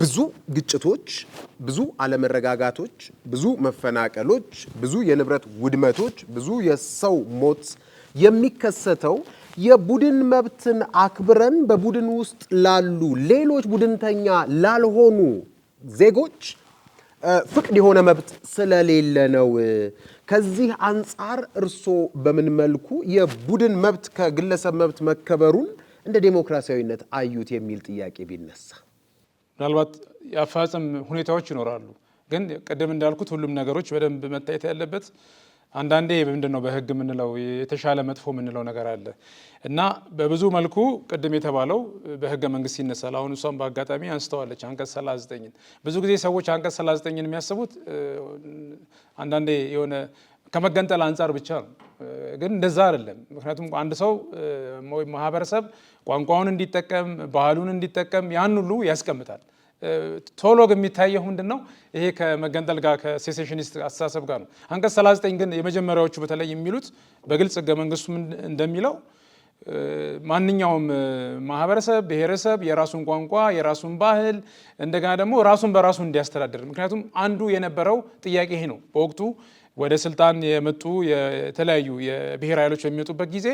ብዙ ግጭቶች፣ ብዙ አለመረጋጋቶች፣ ብዙ መፈናቀሎች፣ ብዙ የንብረት ውድመቶች፣ ብዙ የሰው ሞት የሚከሰተው የቡድን መብትን አክብረን በቡድን ውስጥ ላሉ ሌሎች ቡድንተኛ ላልሆኑ ዜጎች ፍቅድ የሆነ መብት ስለሌለ ነው። ከዚህ አንጻር እርሶ በምን መልኩ የቡድን መብት ከግለሰብ መብት መከበሩን እንደ ዴሞክራሲያዊነት አዩት የሚል ጥያቄ ቢነሳ ምናልባት የአፈጻጸም ሁኔታዎች ይኖራሉ። ግን ቅድም እንዳልኩት ሁሉም ነገሮች በደንብ መታየት ያለበት አንዳንዴ ምንድን ነው በህግ የምንለው የተሻለ መጥፎ የምንለው ነገር አለ እና በብዙ መልኩ ቅድም የተባለው በህገ መንግስት ይነሳል። አሁን እሷም በአጋጣሚ አንስተዋለች አንቀጽ 39 ብዙ ጊዜ ሰዎች አንቀጽ 39 የሚያስቡት አንዳንዴ የሆነ ከመገንጠል አንጻር ብቻ ነው። ግን እንደዛ አይደለም። ምክንያቱም አንድ ሰው ማህበረሰብ ቋንቋውን እንዲጠቀም ባህሉን እንዲጠቀም ያን ሁሉ ያስቀምጣል። ቶሎ የሚታየው ምንድን ነው? ይሄ ከመገንጠል ጋር ከሴሴሽኒስት አስተሳሰብ ጋር ነው። አንቀጽ 39 ግን የመጀመሪያዎቹ በተለይ የሚሉት በግልጽ ህገ መንግስቱ እንደሚለው ማንኛውም ማህበረሰብ ብሔረሰብ የራሱን ቋንቋ የራሱን ባህል እንደገና ደግሞ ራሱን በራሱ እንዲያስተዳድር ምክንያቱም አንዱ የነበረው ጥያቄ ይሄ ነው በወቅቱ ወደ ስልጣን የመጡ የተለያዩ የብሔር ኃይሎች በሚመጡበት ጊዜ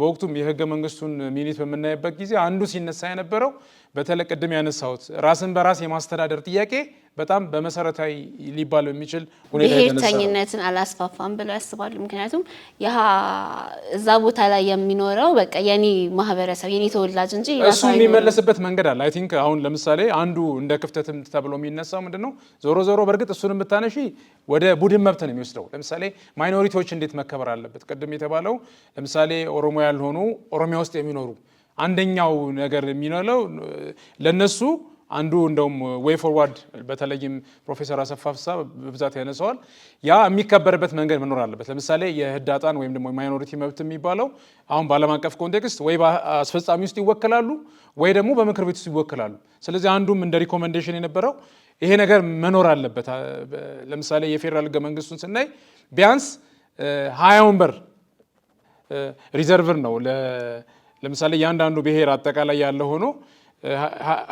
በወቅቱም የህገ መንግስቱን ሚኒት በምናይበት ጊዜ አንዱ ሲነሳ የነበረው በተለይ ቅድም ያነሳሁት ራስን በራስ የማስተዳደር ጥያቄ በጣም በመሰረታዊ ሊባል የሚችል ብሔርተኝነትን አላስፋፋም ብለው ያስባሉ። ምክንያቱም ያ እዛ ቦታ ላይ የሚኖረው በቃ የኔ ማህበረሰብ የኔ ተወላጅ እንጂ እሱ የሚመለስበት መንገድ አለ። አይ ቲንክ አሁን ለምሳሌ አንዱ እንደ ክፍተትም ተብሎ የሚነሳው ምንድን ነው ዞሮ ዞሮ በእርግጥ እሱን የምታነሺ ወደ ቡድን መብት ነው የሚወስደው። ለምሳሌ ማይኖሪቲዎች እንዴት መከበር አለበት ቅድም የተባለው ለምሳሌ ኦሮሞ ያልሆኑ ኦሮሚያ ውስጥ የሚኖሩ አንደኛው ነገር የሚለው ለነሱ አንዱ እንደውም ዌይ ፎርዋርድ በተለይም ፕሮፌሰር አሰፋ ፍስሐ በብዛት ያነሰዋል። ያ የሚከበርበት መንገድ መኖር አለበት። ለምሳሌ የህዳጣን ወይም ደግሞ የማይኖሪቲ መብት የሚባለው አሁን በዓለም አቀፍ ኮንቴክስት ወይ በአስፈጻሚ ውስጥ ይወክላሉ ወይ ደግሞ በምክር ቤት ውስጥ ይወክላሉ። ስለዚህ አንዱም እንደ ሪኮመንዴሽን የነበረው ይሄ ነገር መኖር አለበት። ለምሳሌ የፌዴራል ህገ መንግስቱን ስናይ ቢያንስ ሀያ ወንበር ሪዘርቭር ነው ለምሳሌ እያንዳንዱ ብሔር አጠቃላይ ያለ ሆኖ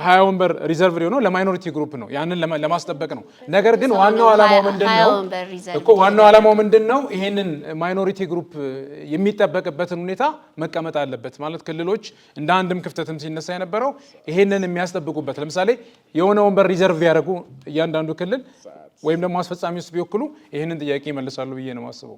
ሀያ ወንበር ሪዘርቭ የሆነው ለማይኖሪቲ ግሩፕ ነው፣ ያንን ለማስጠበቅ ነው። ነገር ግን ዋናው ዓላማው ምንድን ነው እኮ ዋናው ዓላማው ምንድን ነው? ይሄንን ማይኖሪቲ ግሩፕ የሚጠበቅበትን ሁኔታ መቀመጥ አለበት ማለት ክልሎች እንደ አንድም ክፍተትም ሲነሳ የነበረው ይሄንን የሚያስጠብቁበት ለምሳሌ የሆነ ወንበር ሪዘርቭ ያደረጉ እያንዳንዱ ክልል ወይም ደግሞ አስፈጻሚ ውስጥ ቢወክሉ ይህንን ጥያቄ ይመልሳሉ ብዬ ነው የማስበው።